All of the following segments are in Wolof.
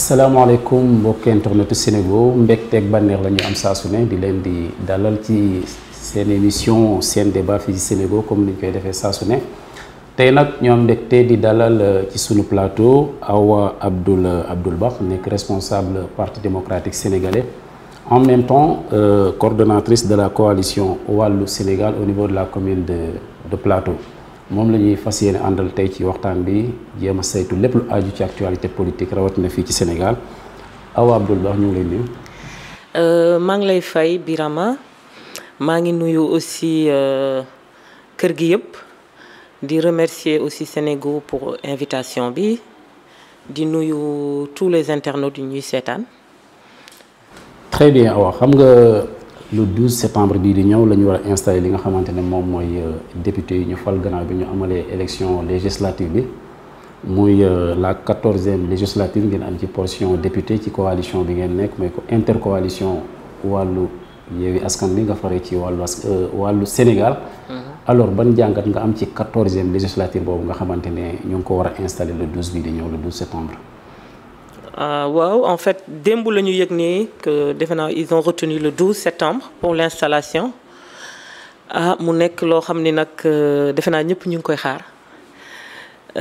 asalaamaaleykum mbokk internetu Sénégal mbégteeg bànneex la ñu am saa di leen di dalal ci seen émission seen débat fii ci Sénégal comme ni ñu koy defee saa ne tey nag ñoom am mbégte di dalal euh, ci sunu plateau Awa Abdoul euh, Abdoul Ba nekk responsable parti démocratique sénégalais en même temps euh, coordonnatrice de la coalition wàllu Sénégal au niveau de la commune de de Plateau. moom la ñuy fas yéene àndal tey ci waxtaan bi jéem a saytu lépp lu aju ci actualité politique rawatina fii ci Sénégal Awa Abdoul Ba ñu ngi lay euh, maa ngi lay fay biirama maa ngi nuyu aussi euh, kër gi yëpp di remercier aussi Sénégo pour invitation bi di nuyu tous les internautes yu ñuy seetaan. très bien Awa xam nga. le 12 septembre bii di ñëw la ñu war a installé li nga xamante ne moom mooy euh, député yi ñu fal gannaaw bi ñu amalee élection législative bi muy euh, la quatorzième législative ngeen am ci portion député ci coalition bi ngeen nekk mooy ko intercoalition wàllu Yewwi Askan bi nga fare ci wàllu euh, wàllu Sénégal. Mhm. alors ban jàngat nga am ci quatorzième législative boobu nga xamante ne ñu ngi ko war a installé le 12 bii di ñëw le 12 septembre. Euh, waaw en fait démb la ñu yëg nii que defe naa ils ont retenu le 12 septembre pour l'installation ah mu nekk loo xam ni nag euh, defe naa ñëpp ñu ngi koy xaar euh,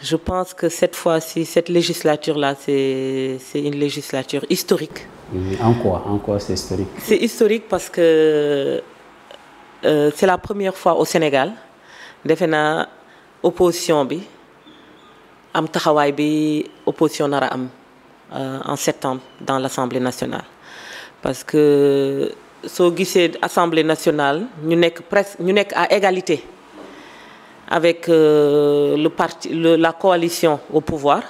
je pense que cette fois si cette législature-là c'est c'est une législature historique. en quoi en quoi c'est historique. c'est historique parce que euh, c'est la première fois au Sénégal defe opposition bi. am taxawaay bi opposition nar a am euh, en septembre dans l'Assemblée nationale parce que soo gisee Assemblée nationale ñu nekk presque ñu nekk à égalité avec euh, le parti la coalition au pouvoir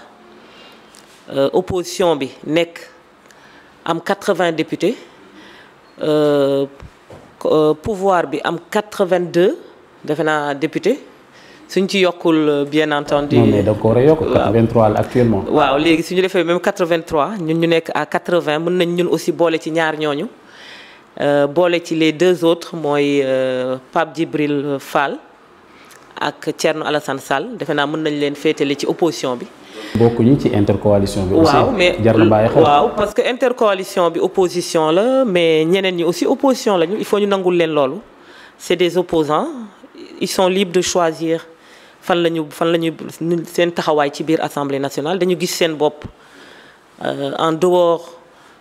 euh, opposition bi nekk am 80 députés euh, euh, pouvoir bi am 82 defe naa députés suñ ci yokkul euh, bien entendu. non mais da ko war a yokk 83 la actuellement. waaw léegi suñu defee même 83 ñun ñu nekk à 80 mën nañ ñun aussi boole ci ñaar ñooñu euh, boole ci les deux autres mooy euh, Pape Djibril Fall ak Thierno Alassane Sall defe naa mën nañ leen féetale ci opposition bi. bokkuñu ci intercoalition bi. aussi jar na bàyyi xel waaw parce que intercoalition bi opposition la mais ñeneen ñi aussi opposition lañu il faut ñu nangul leen loolu. c'est des opposants ils sont libres de choisir fan la ñu fan la ñu seen taxawaay ci biir assemblée nationale dañu gis seen bopp euh, en dehors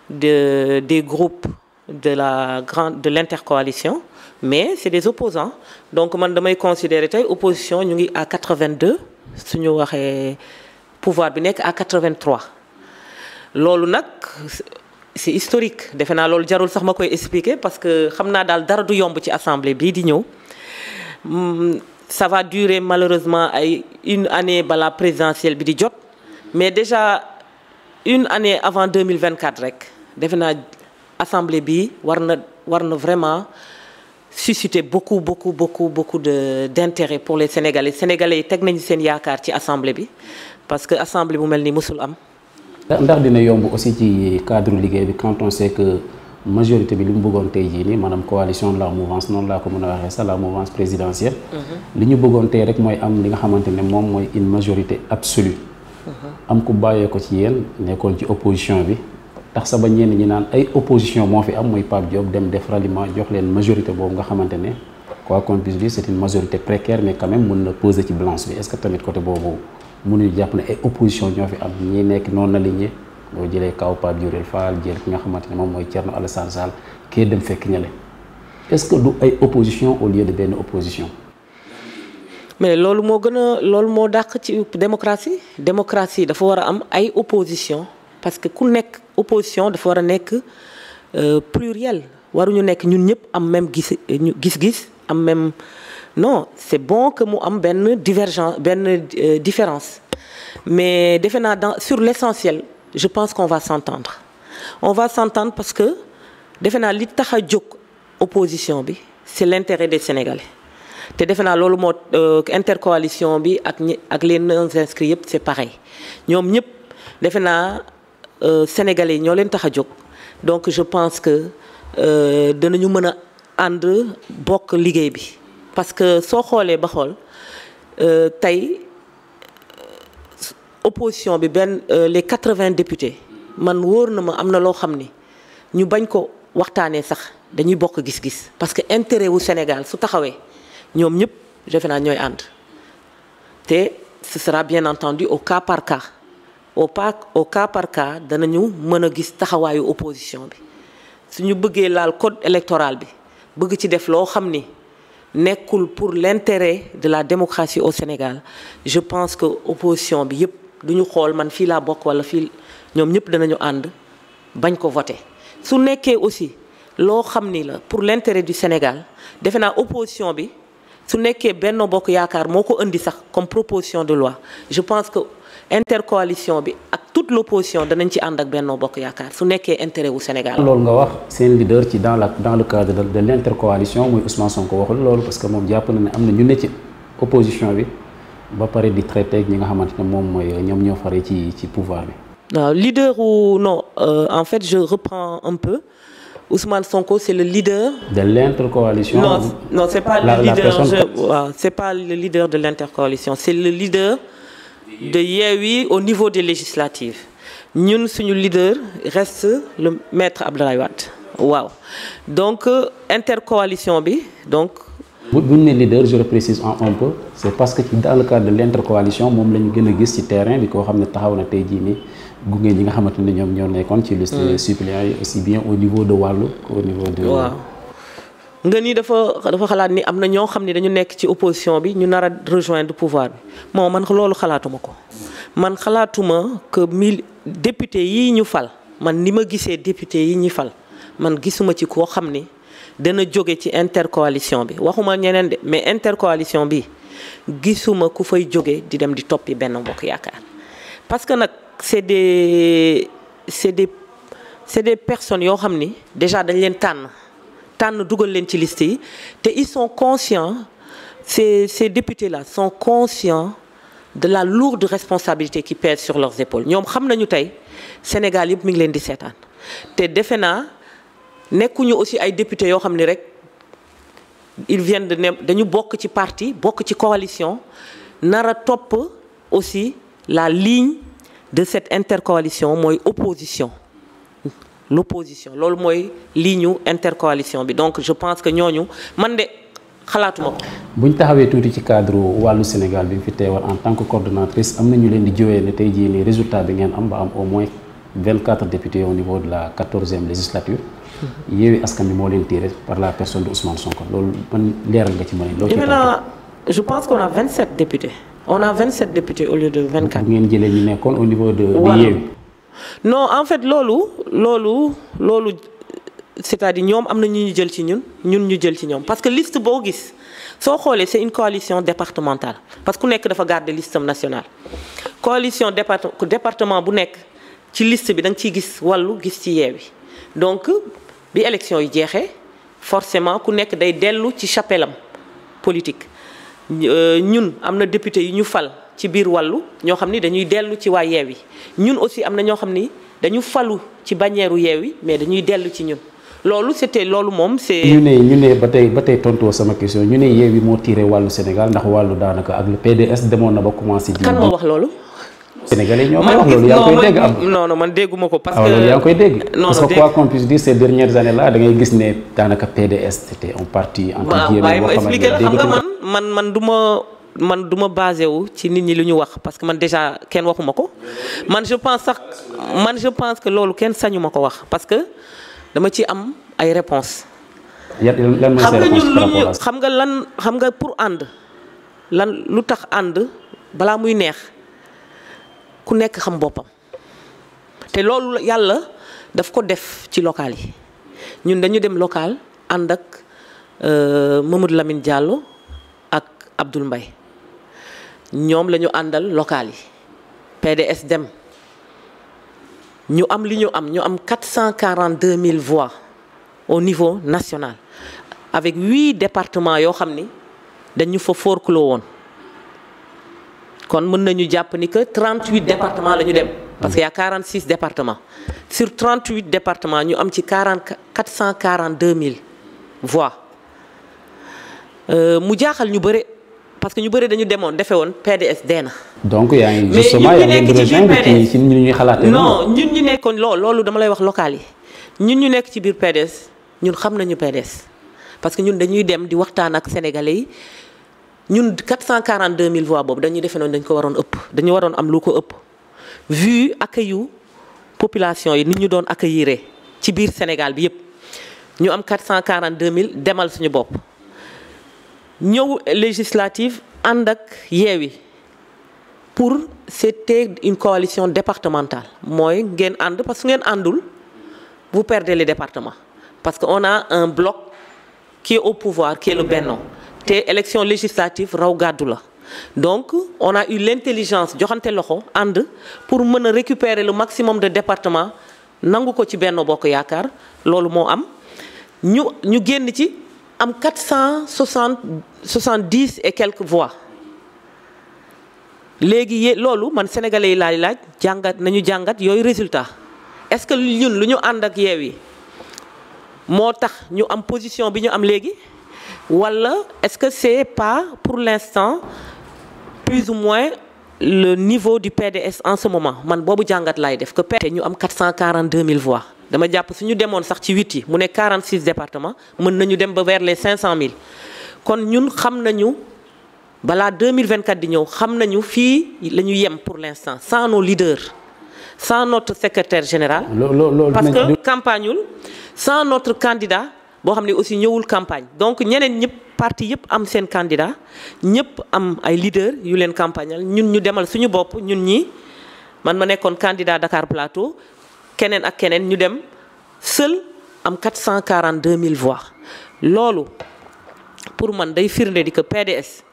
de des groupes de la grande de l'intercoalition mais c'est des opposants donc man damay considérer tey opposition ñu ngi à 82 suñu waxee pouvoir bi nekk à 83 loolu nag c'est historique defe naa loolu jarul sax ma koy expliquer parce que xam naa daal dara du yomb ci assemblée bii di ñëw hmm, ça va durer malheureusement ay une année balaa présidentielle bi di jot mais déjà une année avant 2024 rek defe naa assemblée bi war na war na vraiment susciter beaucoup beaucoup beaucoup beaucoup de d'intérêt pour les sénégalais sénégalais yi teg nañu seen yaakaar ci assemblée bi parce que assemblée bu mel ni mësul am. ndax dina yomb aussi ci cadre liggéey bi quand on que. majorité bi li mu bëggoon tey jii nii maanaam coalition de la mouvance noonu laa ko mën a waxee sa la mouvance présidentielle. Mhm. li ñu bëggoon tey rek mooy am li nga xamante ne moom mooy une majorité absolue. Mhm. am ku bàyyee ko ci yéen nekkoon ci opposition bi tax sa ba ñenn ñi naan ay opposition moo fi am mooy Pape Diop dem def ralliement jox leen majorité boobu nga xamante ne quoi qu'on puisse dire c'est une majorité précaire mais quand même mën na poser ci balance bi e que tamit côté boobu mënuñu jàpp ne ay opposition fi am ñi nekk noonu la liggéey. boo jëlee kaw Pape Diourel Fall jël nga xamante ne moom mooy Thierno Alassane Sall kee dem fekk ñale est-ce que du ay opposition au lieu de benn mais loolu moo gën a loolu moo dàq ci démocratie démocratie dafa war a am ay opposition parce que ku nekk opposition dafa war a nekk euh, pluriel waruñu nekk ñun ñëpp am même gis gis-gis am même non c'est bon que mu am benn divergence benn euh, différence mais defe naa dans sur l'essentiel je pense qu'on va s'entendre on va s'entendre parce que defe naa li tax a jóg opposition bi c'est l'intérêt des Sénégalais te defe naa loolu moo euh, intercoalition bi ak ñi ak les yëpp c'est pareil ñoom ñëpp defe naa euh, Sénégalais yi ñoo leen tax a jóg donc je pense que euh, ñu mën a ànd bokk liggéey bi parce que soo xoolee ba xool tey opposition bi benn euh, les quatre vingt députés man wóor na ma am na loo xam ni ñu bañ ko waxtaanee sax dañuy bokk gis-gis parce que intéret wu Sénégal su taxawee ñoom ñëpp defe naa ñooy ànd te ce sera bien entendu au qua par cas au pas au cas par cas danañu mën a gis taxawaayu opposition bi suñu bëggee laal code électoral bi bëgg ci def loo xam ni nekkul pour l'intérêt de la démocratie au Sénégal je pense que opposition bi yëpp du ñu xool man fii laa bokk wala fii ñoom ñëpp danañu ànd bañ ko voté su nekkee aussi loo xam ni la pour l'intérêt du Sénégal defe naa opposition bi su nekkee Benno Bokk Yaakaar moo ko indi sax comme proposition de loi je pense que intercoalition bi ak toute l'opposition danañ ci ànd ak Benno Bokk Yaakaar su nekkee intérêt wu Sénégal. loolu nga wax seen leader ci dans la dans le cadre de de l'intercoalition muy Ousmane Sonko waxul loolu parce que moom jàpp na ne na ñu ne ci opposition bi. ba pare di traité ak nga xamante ne moom mooy euh, ñoom ñoo fare ci ci pouvoir bi. leader ou non euh, en fait je reprends un peu Ousmane Sonko c'est le leader. de l'intercoalition non non c'est pas la, le leader je... waaw c'est pas le leader de l'intercoalition le leader au niveau des législatives ñun suñu leader reste le maître Abdoulaye donc euh, intercoalition bi bu ñu ne leader je le précise en un peu c' parce que dans le cadre de l' moom la ñu gën a gis ci terrain bi ko xam ne taxaw na tey jii nii gunge ñi nga xamante ne ñoom ñoo nekkoon ci liste hmm. suppléants yi aussi bien au niveau de wàllu au niveau de. waaw nga ni dafa dafa xalaat ni am na ñoo xam ne dañu nekk ci opposition bi ñu nar a rejoindre pouvoir bi moom man loolu xalaatuma ko man xalaatuma que mille député yi ñu fal man ni ma gisee député yi ñu fal man gisuma ci koo xam ni. dana jóge ci intercoalition bi waxuma ñeneen de mais intercoalition bi gisuma ku fay jóge di dem di toppi benn mbokk yaakaar parce que nag c'est des c'est de c'est des personnes yoo xam ni déjà dañ leen tànn tànn dugal leen ci list yi te ils sont conscients ces ces députés là sont conscients de la lourde responsabilité qui pèse sur leurs épaules ñoom xam nañu tey Sénégal yëpp mi ngi leen di seetaan te defe naa nekkuñu aussi ay député yoo xam ni rek ils viennent de ne dañu bokk ci parti bokk ci coalition nara topp aussi la ligne de cette intercoalition mooy opposition l'opposition loolu mooy ligne intercoalition bi donc je pense que ñooñu man de xalaatuma ko. bu ñu taxawee tuuti ci cadre wàllu Sénégal bi fi teewal en tant que coordonnatrice am na ñu leen di jiwee ne tey jii nii résultat bi ngeen am ba am au moins vingt quatre députés au niveau de la quatorzième législature. Yewwi Askan Wi moo leen téere par la personne de Ousmane Sonko loolu man leeral nga ci mën a. loolu eh je pense qu'on a 27 députés. on a 27 députés au lieu de 24. bu ngeen au niveau de. voilà Yewwi non en fait loolu. loolu loolu c'est-à-dire ñoom am na ñu ñu jël ci ñun ñun ñu jël ci ñoom parce que list boo gis soo xoolee c'est une coalition départementale parce que nekk dafa garder listam nationale. coalition départe département bu nekk ci liste bi da nga ciy gis wàllu gis ci Yewwi donc. bi élection yi jeexee forcément ku nekk day dellu ci chapelam politique euh, ñun am na député yu ñu fal ci biir wàllu ñoo xam ni dañuy dellu ci waay yeew yi ñun aussi am na ñoo xam ni dañu falu ci bannière yeew yi mais dañuy dellu ci ñun loolu c'était loolu moom se ñu ne ñu ne ba tey ba sama question ñu ne yeew yi moo tiire wàllu Sénégal ndax wàllu daanaka ak le PDS demoon na ba commencé. kan moo wax loolu. Sénégalais ñoo koy wax loolu yaa ngi koy dégg am man dégguma ko parce ah, que yaa ngi koy dégg parce da ngay gis ne daanaka PDS c'était un parti entre guillemets man man man du ma basé wu ci nit ñi lu ñu wax parce que man déjà kenn waxuma ko man je pense sax man je pense que loolu kenn sañu ma ko wax parce que dama ci am ay réponses réponse xam nga lan xam nga pour ànd lan lu tax ànd balaa muy neex ku nekk xam boppam te loolu yàlla daf ko def ci local yi ñun dañu dem local ànd ak euh, Mamadou Lamine Diallo ak Abdoul mbay ñoom la ñu àndal local yi PDS dem ñu am li ñu am ñu am 442 000 voix au niveau national avec huit départements yoo xam ni dañu fa forclos woon kon mën nañu jàpp ni que 38 départements la ñu dem. parce que y' a 46 départements sur 38 départements ñu am ci quarante 40 442 000 voix euh, mu jaaxal ñu bëri parce que ñu bëri dañu demoon defe woon PDS dee na. donc yaa ngi justement yaa ngi ñun ñuy xalaatee. non ñun ñu loolu dama lay wax local yi ñun ñu nekk ci biir PDS ñun xam nañu PDS parce que ñun dañuy dem di waxtaan ak sénégalais yi. ñun 442 000 voix boobu dañuy defe noonu dañ ko waroon ëpp dañu am lu ko ëpp vu accueil yu population yi nit ñu doon accueillir ci biir Sénégal bi yëpp ñu am 442 000 demal suñu bopp ñëw législative ànd ak Yewwi pour c'était une coalition départementale mooy ngeen ànd parce que ngeen àndul vous perdez le départements parce que on a un bloc qui est au pouvoir qui est Benno te élection législative raw gàddu la donc on a eu l'intelligence joxante loxo ànd pour mën a récupérer le maximum de département nangu ko ci benn Bokk Yaakaar loolu moo am ñu ñu génn ci am 470 et quelques voix léegi yé loolu man sénégalais yi laay laaj jàngat nañu jàngat yooyu résultat est-ce que lu ñu ànd ak yi moo tax ñu am position bi ñu am léegi wala est-ce que c'est pas pour l'instant plus ou moins le niveau du PDS en ce moment man boobu jàngat laay def que PDS ñu am 442 000 voix dama jàpp su ñu demoon sax ci huit yi mu ne 46 départements mën nañu dem ba vers les 500 kon ñun xam nañu balaa 2024 di ñëw xam nañu fii la ñu yem pour l'instant sans nos leaders sans notre secretaire général. parce que campagneul sans notre candidat. boo xam ne aussi ñëwul campagne donc ñeneen ñëpp partie yëpp am seen candidat ñëpp am ay leader yu leen campagnal ñun ñu demal suñu bopp ñun ñi man ma nekkoon candidat Dakar Plateau keneen ak keneen ñu dem seul am 442 000 voix loolu pour man day firnde di que PDS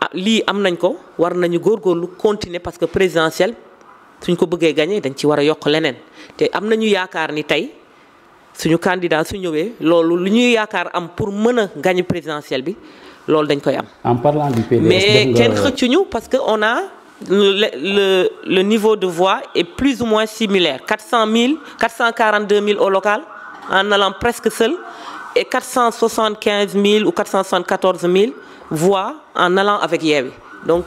ah, lii am nañ ko war nañu lu continuer parce que présidentielle suñ ko bëggee gagné dañ ci war a yokk leneen te am nañu yaakaar ni tey suñu candidat su ñëwee loolu lu ñuy yaakaar am pour mën a gagner présidentielle bi loolu dañ koy am. en parlant du PDS mais kenn xëccuñu parce que on a le le le niveau de voix est plus ou moins similaire 400000 442000 au local en allant presque seul et 475000 ou 474000 voix en allant avec Yewwi donc.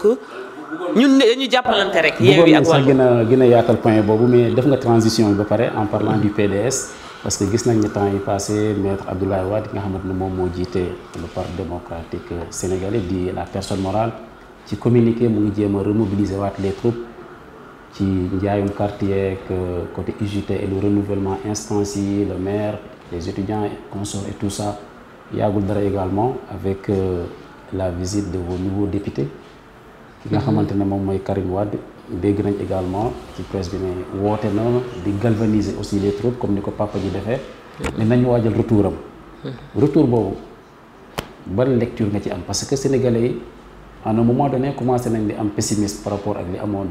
ñun dañu jàppalante rek. Yewwi ak Wallu bëggoon na sax gën a gën a yaatal point boobu mais def nga transition bi ba pare en parlant du PDS. parce que gis nañ ne temps yi passé maître Abdoulaye Wade nga xamante ne moom moo jiite le parti démocratique sénégalais di la personne morale ci communiqué mu ngi jéem a remobiliser waat les troupes ci njaayum quartier ak euh, côté UJT et le renouvellement instance yi le maire les étudiants consorts et tout ça yaagul dara également avec euh, la visite de vos nouveaux députés ki nga xamante ne moom mooy Karim Wade dégg nañ également ci presse bi ne woote na di galvaniser aussi les troupes comme di ko papa ji defee. dinañ waajal retour am. retour boobu ban lecture nga ci am parce que sénégalais yi à un moment donné commencé nañ di am pessimiste par rapport ak li amoon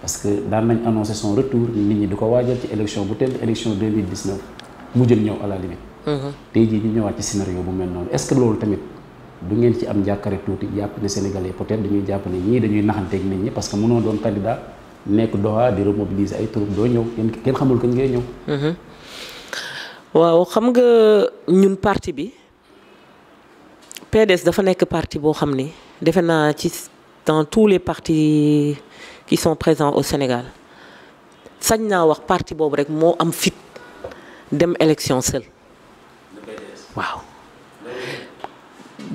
parce que daan nañ annoncé son retour nit ñi di ko waajal ci élection bu tedd élection 2019 mu jël ñëw à la limite. Mm-hmm. tey jii ñu ñëwaat ci scénario bu mel noonu est-ce loolu tamit. du ngeen ci am njàkkare tuuti jàpp ne sénégalais peut-être dañuy jàpp ne ñii dañuy naxanteeg nit ñi parce que mënoo doon candidat nekk doxa di remobiliser ay troupes doo ñëw kenn xamul kañ ngay ñëw. Mhm. waaw xam nga ñun parti bi PDS dafa nekk parti boo xam ni defe naa ci dans tous les partis qui son présent au Sénégal sañ naa wax parti boobu rek moo am fit dem élection seul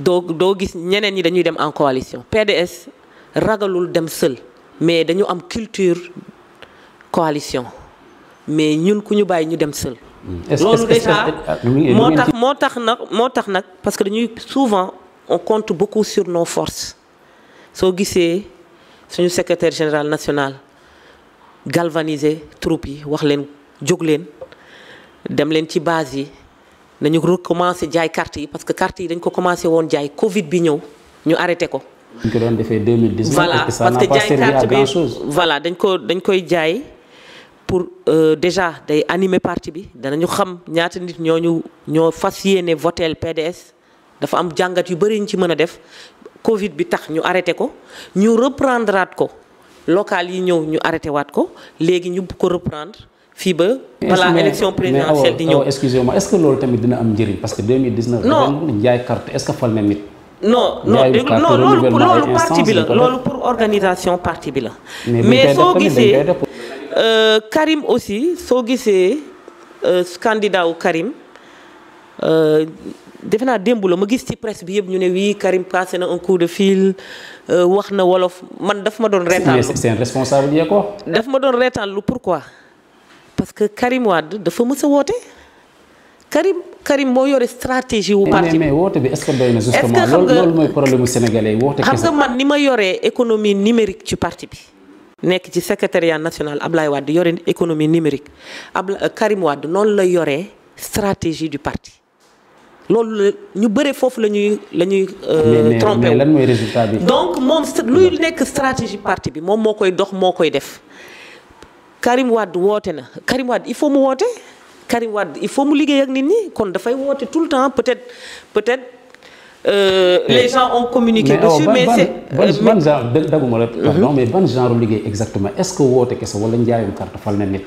doo doo gis ñeneen ñi dañuy dem en coalition PDS ragalul dem seul mais dañu am culture coalition mais ñun ku ñu bàyyi ñu dem seul. loolu déjà moo tax moo tax moo tax nag parce que dañuy souvent on compte beaucoup sur nos force soo gisee suñu secretaire général national galvaniser troupe yi wax leen jóg leen dem leen ci base yi. nañu recommencé jaay carte yi parce que carte yi dañ ko commencé woon jaay Covid bi ñëw ñu arrêté ko. dañ ko doon defee 2019. voilà parce que jaay carte bi voilà dañ ko dañ koy jaay pour euh, déjà day animer parti bi danañu xam ñaata nit ñoo ñu ñoo fas yéene votel PDS dafa am jàngat yu bëri ñu ci mën a def Covid bi tax ñu arrêté ko ñu reprendraat ko local yi ñëw ñu arrêté waat ko léegi ñu ko reprendre. fii ba. balaa élection présidentielle oh, di ñëw oh, excusez-moi est-ce que loolu tamit dina am njëriñ parce que 2019. non carte est-ce que fal na nit. non non dégg loolu pour organisation parti bi la. mais soo gisee euh, Karim aussi soo gisee euh, candidat wu Karim euh, defe naa démb la ma gis ci presse bi yëpp ñu ne wii Karim passé na un coup de fil wax na wolof man daf ma doon. reetaan lu c'est un responsable yee ko. daf ma doon reetaan lu pourquoi. parce que Karim Wade dafa mës a woote Karim Karim moo yore stratégie wu parti mais woote bi est-ce que doy na justement loolu loolu mooy xam nga ni ma yoree économie numérique ci parti bi nekk ci secretariat national Ablaye Wade yore économie numérique Abla euh, Karim Wade noonu la yoree stratégie du parti loolu la ñu bëre foofu la ñuy la ñuy euh, trompé mais lan mooy résultat donc moom luy nekk stratégie parti bi moom moo koy dox moo koy def Karim Wade woote na Karim Wade il faut mu woote Karim Wade il faut mu liggéey ak nit ñi kon dafay woote tout le temps peut-être peut-être. Euh, les gens ont communiqué oh, dessus mais mais ban exactement est que woote kese wala njaayum carte fal na nit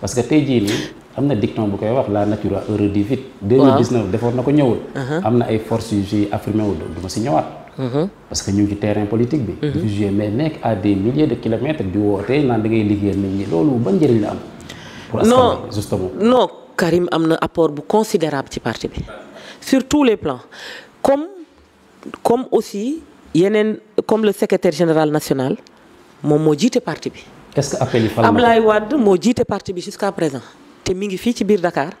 parce que tey jii nii am na dicton bu koy wax la nature a horreur du vide 2019 defoon na ko ñëwul uh-huh. am na ay forces yu si affirmé wu si ñëwaat Mm-hmm. parce que ñu ngi terrain politique bi. Mm-hmm. di joué mais nekk à des milliers de kilomètres di woote naan da ngay nit ñi loolu ba njëriñ la am. no non justement non Karim am na apport bu considérable ci parti bi sur tous les plans comme comme aussi yeneen comme le secrétaire général national moom moo jiite parti bi. est-ce que appel yi moo jiite parti bi jusqu'à présent te mi ngi fii ci biir dakaar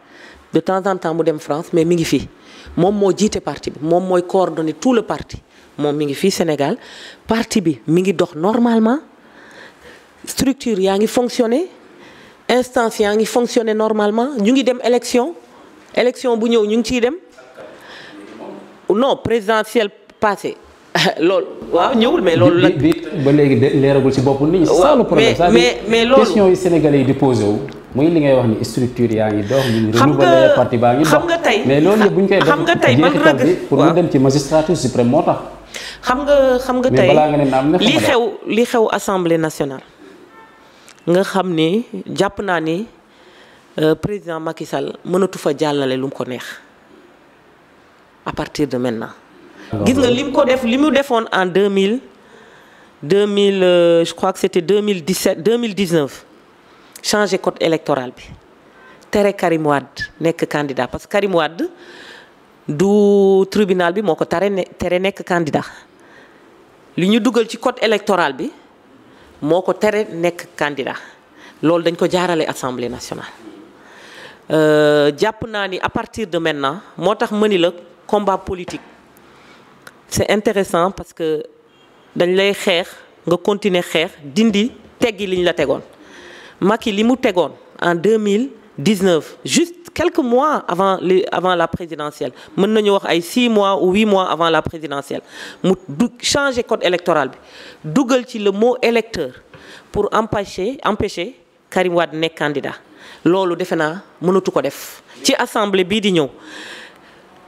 de temps en temps mu dem France mais mi ngi fii moom moo jiite parti bi moom mooy coordonner tout le parti moom mi ngi fii Sénégal parti bi mi ngi dox normalement structure yaa ngi fonctionner instance yaa ngi fonctionner normalement ñu ngi dem élection élection bu ñëw ñu ngi ciy dem non présidentielle passé loolu waaw ñëwul mais loolu la. ba léegi leeragul ci bopp nit ñi. waaw mais problème ça mais loolu question wu. muy li ngay wax ni structure yaa ngi dox. ñu renouveler parti ngi dox xam nga tey mais loolu yëpp bu ñu koy def. nga tey pour mu dem ci magistrature suprême moo tax. xam nga xam nga tey li xew li xew assemblée nationale nga xam ni jàpp naa ni euh, président Macky Sall mënatu fa jàllale lu ko neex à partir de maintenant. gis nga li mu ko def li mu defoon en deux mille deux mille euh, je crois que deux mille dix sept deux mille dix neuf changé code électoral bi tere Karim Wade nekk candidat parce que Karim Wade. du tribunal bi moo ko tere ne tere nekk candidat li ñu dugal ci code électoral bi moo ko tere nekk candidat loolu dañ ko jaarale assemblée nationale. Euh, jàpp naa ni à partir de maintenant moo tax ma ni la combat politique c'est intéressant parce que dañ lay xeex nga continuer xeex dindi teggi liñ la tegoon Macky li mu tegoon en 2019 juste quelques mois avant avant la présidentielle mën nañu wax ay 6 mois ou 8 mois avant la présidentielle mu du changer code électoral bi dugal ci le mot électeur pour empêcher empêcher Karim Wade nekk candidat loolu defe naa mënatu ko def. ci assemblée bii di ñëw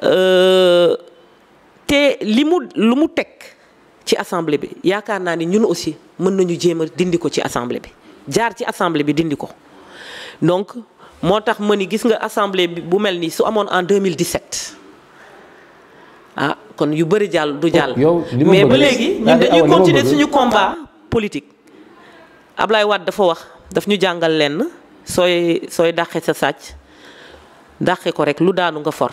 euh, te li mu lu mu teg ci assemblée bi yaakaar naa ni ñun aussi mën nañu jéem a dindi ko ci assemblée bi jaar ci assemblée bi dindi ko donc. moo tax ma ni gis nga assemblée bi bu mel nii su amoon en 2017 ah kon yu bëri jàll du jàll. Oh, mais ba léegi ñun ah, dañuy ah, continuer suñu combat politique. Ablaye Wade dafa wax daf ñu jàngal lenn sooy sooy dàqee sa sàcc dàqe ko rek lu daanu nga for.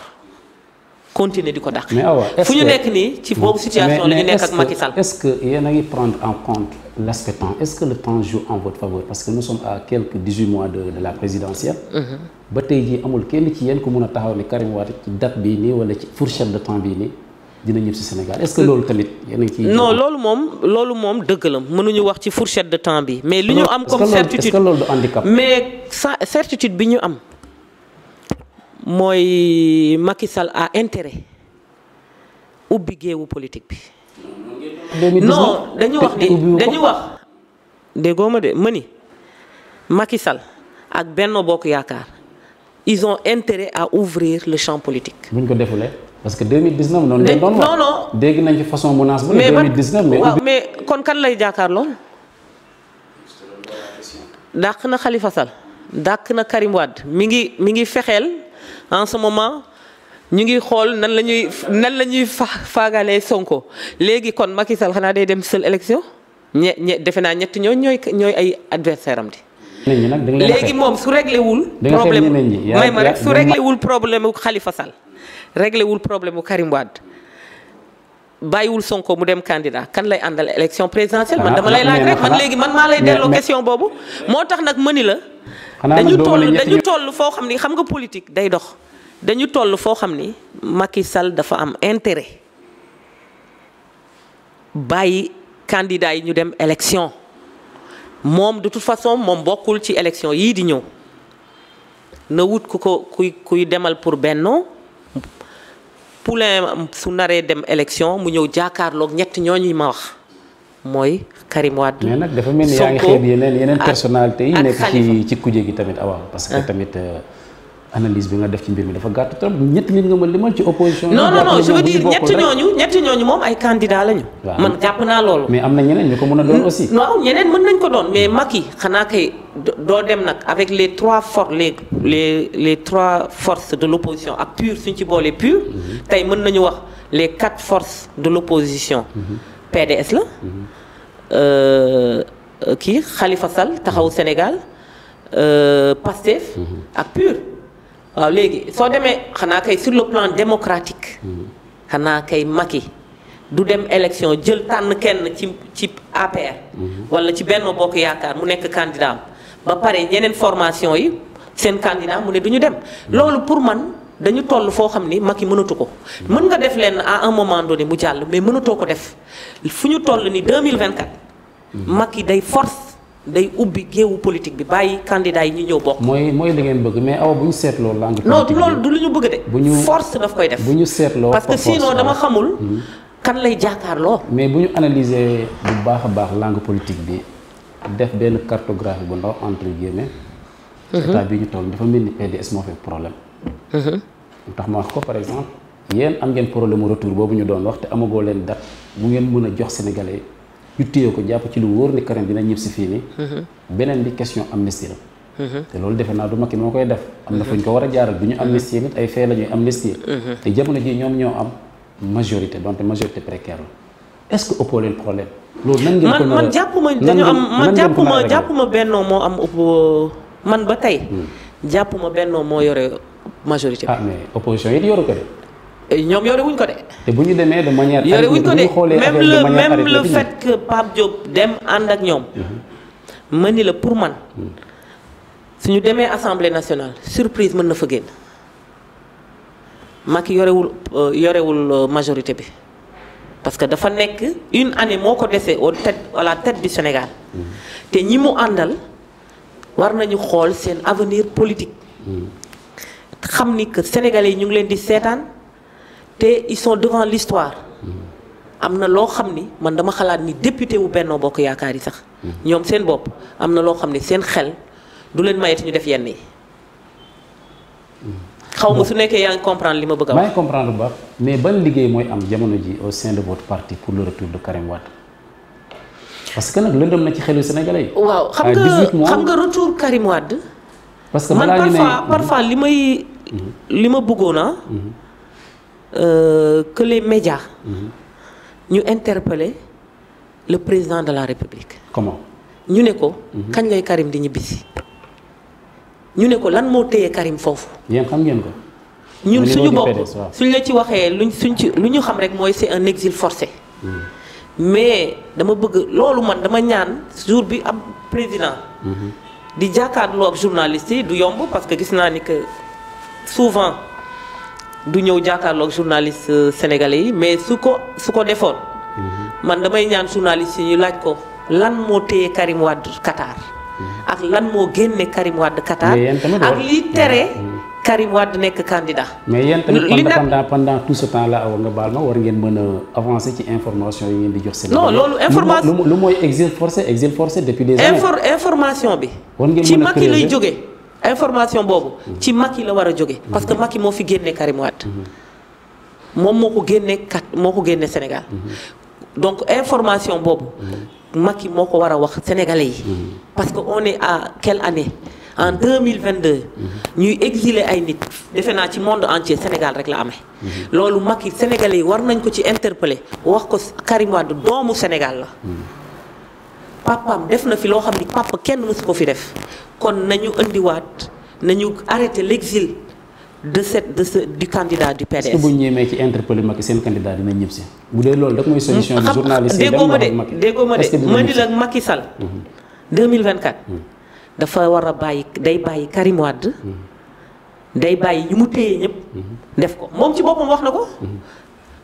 continuer di ko dàq. mais awa fu ñu nekk nii ci boobu situation la nekk ak Macky est-ce que yéen a ngi prendre en compte l'aspect est-ce que le temps joue en votre faveur parce que nous sommes à quelques 18 mois de la présidentielle. Mm-hmm. ba tey jii amul kenn ci yéen ko mun a taxaw ne Karim Wade ci date bii nii wala ci fourchette de temps bii nii. dina ñëw ci Sénégal est-ce que loolu tamit yéen a ngi loolu moom loolu mënuñu wax ci fourchette mooy Macky Sall a intérêt ubbi géewu politique bi. non dañu wax de dañu wax. déggoo ma de ma ni Macky ak benn Bokk Yaakaar ils ont intérêt à ouvrir le champ politique. buñ ko defulee parce que 2019 noonu lañ doon wax non non dégg nañ ci façon menace bu ne 2019 mais waaw mais kon kan lay jàkkaarloo. dàq na Khalifa Sall dàq na Karim Wade mi ngi mi ngi fexeel. en ce moment ñu ngi xool nan la ñuy nan la ñuy fa faagalee Sonko léegi kon Macky Sall xanaa day dem seul élection ñe ñe defe naa ñett ñoo ñooy ñooy ay adversaire am di léegi moom su réglé wul problème may ma rek su réglé wul problème wu Khalifa Sall wul problème wu Karim Wade bàyyiwul Sonko mu dem candidat kan lay àndal élection présidentielle man ah, dama lay ah, laaj rek man léegi man maa lay delloo question boobu moo tax nag mëni la dañu toll dañu toll foo xam ni xam nga politique day dox dañu toll foo xam ni Macky Sall dafa am intérêt bàyyi candidat yi ñu dem élection moom de toute façon moom bokkul ci élection yii di ñëw na wut ku ko kuy kuy demal pour Benno Poulain su naree dem élection mu ñëw jàkkaarloog ñett ñooñu ma wax mooy Karim Wade. mais nag dafa mel ni yaa ngi xeeb yeneen yeneen personnalité yi nekk ci ci kuje gi tamit awaaw parce que ah. tamit euh, analyse bi nga def ci mbir mi dafa gàtt trop ñetti nit nga ma limal ci opposition. non non non je veux dire ñetti ñooñu ñetti ñooñu moom ay candidat lañu. man jàpp naa loolu. mais am na ñeneen ñu ko mën a doon mm, aussi. waaw ñeneen mën nañ ko doon mais Macky xanaa kay doo dem nag avec les trois forces les les les trois forces de l' opposition ak pur suñ ci boolee pur. Mm-hmm. tey mën nañu wax les quatre force de l' opposition. Mm-hmm. PDS la. Mm-hmm. Euh, kii Khalifa Sall taxawu Sénégal euh, Pastef ak PUR waaw léegi soo demee xanaa kay sur le plan démocratique xanaa kay Macky du dem élection jël tànn kenn ci ci APR wala ci Benno Bokk Yaakaar mu nekk candidat ba pare ñeneen formation yi seen candidat mu ne du ñu dem loolu pour man dañu toll foo xam ni mag yi mënatu ko. mën nga def leen à un moment donné mu jàll mais mënatoo ko def fu ñu toll ni mm-hmm. mag yi day force day ubbi géewu politique bi bàyyi candidat yi ñu ñëw bokk. mooy mooy li ngeen bëgg mais awa bu ñu seetloo langue non loolu du lu ñu bëgg de. bu ñu force daf koy def bu ñu seetloo parce que sinon dama xamul. Mm-hmm. kan lay jàkkaarloo. mais bu ñu analyser bu baax a baax langue politique bi def benn cartographie bu ndaw entre guillemets. Mm-hmm. état bi ñu toll dafa mel ni PDS problème. lu mhm. tax ma wax ko par exemple yéen am ngeen problème retour boobu ñu doon wax te amagoo leen date bu ngeen mën a jox sénégalais ñu ko jàpp ci lu wóor ni Karim dina ñib si fii nii mhm. beneen bi question amnistie la mhm. te loolu defe naa du Macky moo koy def am na fu ñu ko war a jaaral bu ñu amnistie nit ay fee la ñuy amnistie te jamono ji ñoom ñoo am majorité donte majorité précaire la est-ce que ëppoo leen problème loolu nan ko man man jàppuma dañu am man jàppuma jàppuma bennoo moo am ëpp man ba majorité bi. ah opposition yi yoru ko de. Eh, ñoom yorewuñ ko de. te bu ñu demee de manière. yore wuñ ko de même le même le fait que Pape Diop dem ànd ak ñoom. Mhm. ma ni la pour man. Mhm. suñu demee assemblée nationale surprise mën na fa génn. Macky yorewul euh, yorewul euh, majorité bi parce que dafa nekk une année moo ko desee au tête à la tête du Sénégal mhm. te ñi mu àndal war nañu xool seen avenir politique. xam ni que sénégalais yi ñu ngi leen di seetaan te ils sont devant l'histoire am na loo xam ni man dama xalaat ni député wu Benno Bokk Yaakaar yi sax ñoom seen bopp am na loo xam ni seen xel du leen mayeti ñu def yenn yi xaw ma su nekkee yaa ngi comprendre li ma bëgg a wax. maa comprendre bu baax mais ban liggéey mooy am jamono ji au sein de votre parti pour le retour de Karim Wade parce que nag lëndëm na ci xelu Sénégalais yi. waaw xam nga xam nga retour Karim Wade. parce que man li ma bëggoona euh, que les médias ñu interpeller le président de la république comment ñu ne ko mhm. kañ lay Karim di ñibbisi ñu ne ko lan moo téye Karim foofu yéen xam ñun suñu bopp suñ la ci waxee luñ suñ lu ñu xam rek mooy c'est un exil forcé mhm. mais dama bëgg loolu man dama ñaan jour bi am président mhm. di jàkkaarloo ak journaliste du yomb parce que gis naa ni souvent du ñëw loog journaliste sénégalais yi mais su ko su ko defoon. Mhm. man damay ñaan journaliste yi ñu laaj ko lan moo téye Karim Wade Qatar. Mhm. ak lan moo génne Karim Wade Qatar. ak li tere. Karim Wade nekk candidat. mais yéen tamit pendant pendant tout ce temps là nga baal ma war ngeen mën a avancer ci information yi ngeen di jox seen. non loolu information lu mooy exil forcé exil forcé depuis information bi. war ngeen mën a ci Macky lay jógee. information boobu ci Macky la war a jóge parce que macki moo fi génne Karim moom moo ko génne kat moo ko génne Sénégal donc information boobu Macky moo ko war a wax sénégalais yi parce que on est à quelle année en deux ñuy exiler ay nit defe naa ci monde entier Sénégal rek la amee loolu Macky sénégalais yi war nañ ko ci interpeller wax ko Karim doomu Sénégal la papaam def na fi loo xam ni papa kenn mësu ko fi def kon nañu indiwaat nañu arrêté l'exil de cette de ce du candidat du PDS. est-ce bu ñu ñemee ci interpellé Macky seen candidat dina ñëpp si bu dee loolu rek mooy solution. du journaliste yi dem na ak Macky déggoo ma de ma di la Macky Sall. 2024. Mm-hmm. Mm-hmm. dafa war a bàyyi day bàyyi Karim Wade. Mm-hmm. day bàyyi ñu mu téye ñëpp. def ko moom ci boppam wax na ko.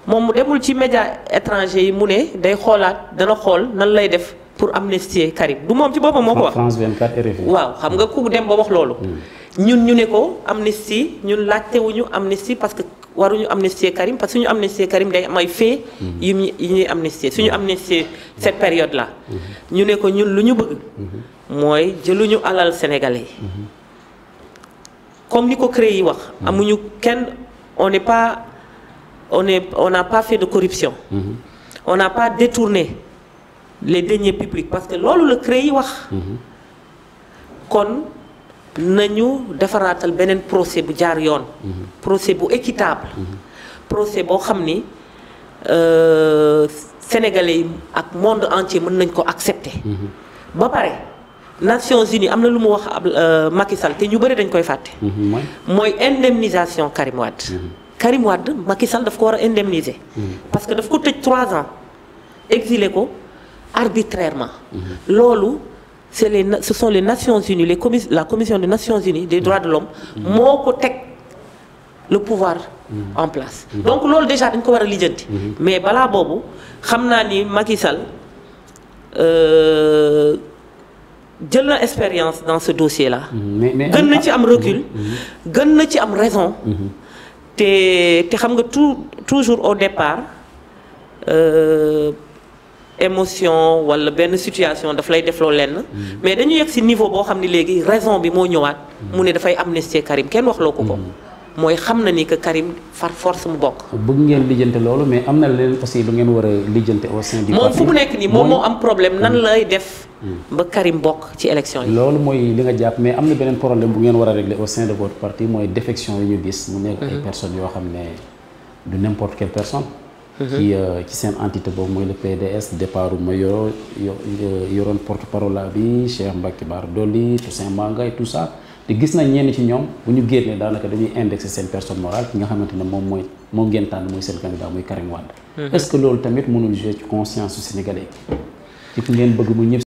moom mu demul ci média étranger yi mu ne day xoolaat dana xool nan lay def. pour amnistier Karim du moom ci boppam moo ko wax. France 24 RFI waaw xam nga ku dem ba wax loolu. Hmm. ñun ñu ne ko amnistie ñun laajtewuñu wuñu amnistie parce que waruñu amnistier Karim parce que suñu amnistier Karim day am ay fait. Hmm. yu ñuy yu ñuy amnistier suñu hmm. amnistier cette période là. ñu ne ko ñun lu ñu bëgg. mooy jëluñu alal sénégalais yi. comme ni ko CREI yi wax. amuñu kenn on n'est pas on est on n'a pas fait de corruption. on n'a pas détourné. le deniers publique parce que loolu la CREI yi wax. Mhm. kon nañu defaraatal beneen procès bu jaar yoon. Mhm. procès bu équitable. Mhm. procès boo xam ni euh, sénégalais yi ak monde entier mën nañ ko accepter. ba pare Nations Unies am na lu mu wax ab euh, Macky Sall te ñu bëri dañ koy fàtte. mooy indemnisation Karim Wade. Karim Wade Macky Sall daf ko war a indemniser. parce que daf ko tëj trois ans exile ko. arbitrairement. loolu c'est les ce sont les Nations Unies les commis la commission des Nations Unies des droits de l'homme moo ko teg le pouvoir en place. donc loolu déjà dañ ko war a lijjanti. mais balaa boobu xam naa ni Macky Sall euh, jël na expérience dans ce dossier là. gën na ci am recul. gën na ci am raison. Mhm. te xam nga tout toujours au départ. Euh, émotion wala benn situation daf lay defloo lenn. Mm-hmm. mais dañu yegg ci niveau boo xam ne léegi raison bi moo ñëwaat. Mm-hmm. mu ne dafay amnistier Karim kenn wax waxloo ko ko. Mm-hmm. mooy xam na ni que Karim far force mu bokk. bëgg ngeen lijjante loolu mais am na leneen aussi lu ngeen war a lijjante au sein du moom fu mu nekk nii moom moo am problème nan lay def. ba Karim bokk ci élection yi. loolu mooy li nga jàpp mais am na beneen problème bu ngeen war a régler au sein de mooy défection ñu gis. mu nekk ay yoo xam ne du n'importe quelle personne. ci ci seen entité boobu mooy le PDS départ ma yoro yoroon porte parole bi Cheikh Mbacké Bara Dolly Toussaint Manga et tout ça te gis nañ ñenn ci ñoom bu ñu génnee daanaka dañuy indexé seen personne morale ki nga xamante ne moom mooy moo ngeen tànn mooy seen candidat muy Karim Wade. Mhm. loolu tamit mënul jouer ci conscience su sénégalais ci ku ngeen bëgg mu ñëpp.